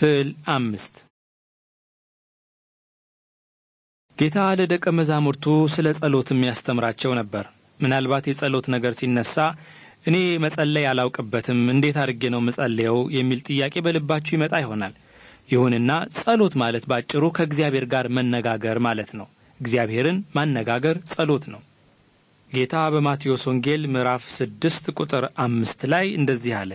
ስዕል አምስት ጌታ ለደቀ መዛሙርቱ ስለ ጸሎት የሚያስተምራቸው ነበር። ምናልባት የጸሎት ነገር ሲነሳ እኔ መጸለይ አላውቅበትም፣ እንዴት አድርጌ ነው ምጸለየው የሚል ጥያቄ በልባችሁ ይመጣ ይሆናል። ይሁንና ጸሎት ማለት ባጭሩ ከእግዚአብሔር ጋር መነጋገር ማለት ነው። እግዚአብሔርን ማነጋገር ጸሎት ነው። ጌታ በማቴዎስ ወንጌል ምዕራፍ ስድስት ቁጥር አምስት ላይ እንደዚህ አለ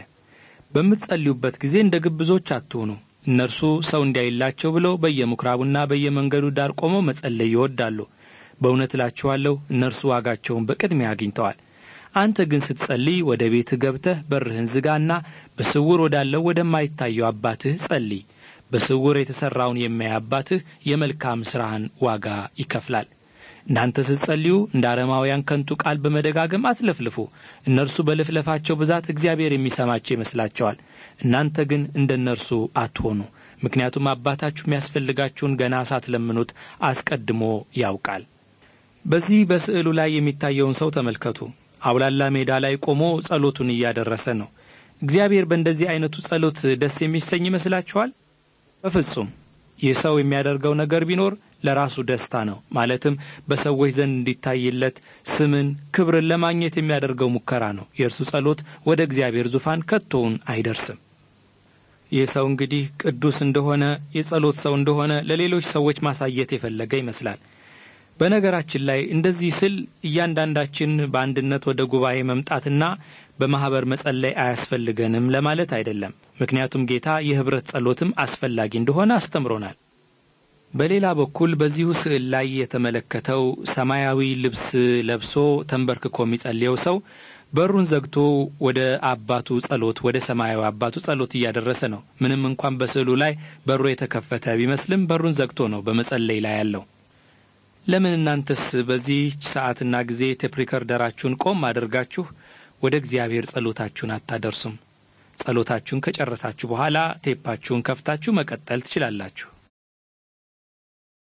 በምትጸልዩበት ጊዜ እንደ ግብዞች አትሁኑ፣ እነርሱ ሰው እንዲያይላቸው ብለው በየምኩራቡና በየመንገዱ ዳር ቆመው መጸለይ ይወዳሉ። በእውነት እላችኋለሁ እነርሱ ዋጋቸውን በቅድሚያ አግኝተዋል። አንተ ግን ስትጸልይ ወደ ቤትህ ገብተህ በርህን ዝጋና በስውር ወዳለው ወደማይታየው አባትህ ጸልይ። በስውር የተሠራውን የሚያይ አባትህ የመልካም ሥራህን ዋጋ ይከፍላል። እናንተ ስትጸልዩ እንደ አረማውያን ከንቱ ቃል በመደጋገም አትለፍልፉ። እነርሱ በልፍለፋቸው ብዛት እግዚአብሔር የሚሰማቸው ይመስላቸዋል። እናንተ ግን እንደ እነርሱ አትሆኑ። ምክንያቱም አባታችሁ የሚያስፈልጋችሁን ገና ሳትለምኑት አስቀድሞ ያውቃል። በዚህ በስዕሉ ላይ የሚታየውን ሰው ተመልከቱ። አውላላ ሜዳ ላይ ቆሞ ጸሎቱን እያደረሰ ነው። እግዚአብሔር በእንደዚህ አይነቱ ጸሎት ደስ የሚሰኝ ይመስላችኋል? በፍጹም ይህ ሰው የሚያደርገው ነገር ቢኖር ለራሱ ደስታ ነው። ማለትም በሰዎች ዘንድ እንዲታይለት ስምን፣ ክብርን ለማግኘት የሚያደርገው ሙከራ ነው። የእርሱ ጸሎት ወደ እግዚአብሔር ዙፋን ከቶውን አይደርስም። ይህ ሰው እንግዲህ ቅዱስ እንደሆነ የጸሎት ሰው እንደሆነ ለሌሎች ሰዎች ማሳየት የፈለገ ይመስላል። በነገራችን ላይ እንደዚህ ስል እያንዳንዳችን በአንድነት ወደ ጉባኤ መምጣትና በማኅበር መጸለይ አያስፈልገንም ለማለት አይደለም። ምክንያቱም ጌታ የኅብረት ጸሎትም አስፈላጊ እንደሆነ አስተምሮናል። በሌላ በኩል በዚሁ ስዕል ላይ የተመለከተው ሰማያዊ ልብስ ለብሶ ተንበርክኮ የሚጸልየው ሰው በሩን ዘግቶ ወደ አባቱ ጸሎት ወደ ሰማያዊ አባቱ ጸሎት እያደረሰ ነው። ምንም እንኳን በስዕሉ ላይ በሩ የተከፈተ ቢመስልም በሩን ዘግቶ ነው በመጸለይ ላይ ያለው። ለምን እናንተስ በዚህች ሰዓትና ጊዜ ቴፕ ሪከርደራችሁን ቆም አድርጋችሁ ወደ እግዚአብሔር ጸሎታችሁን አታደርሱም? ጸሎታችሁን ከጨረሳችሁ በኋላ ቴፓችሁን ከፍታችሁ መቀጠል ትችላላችሁ።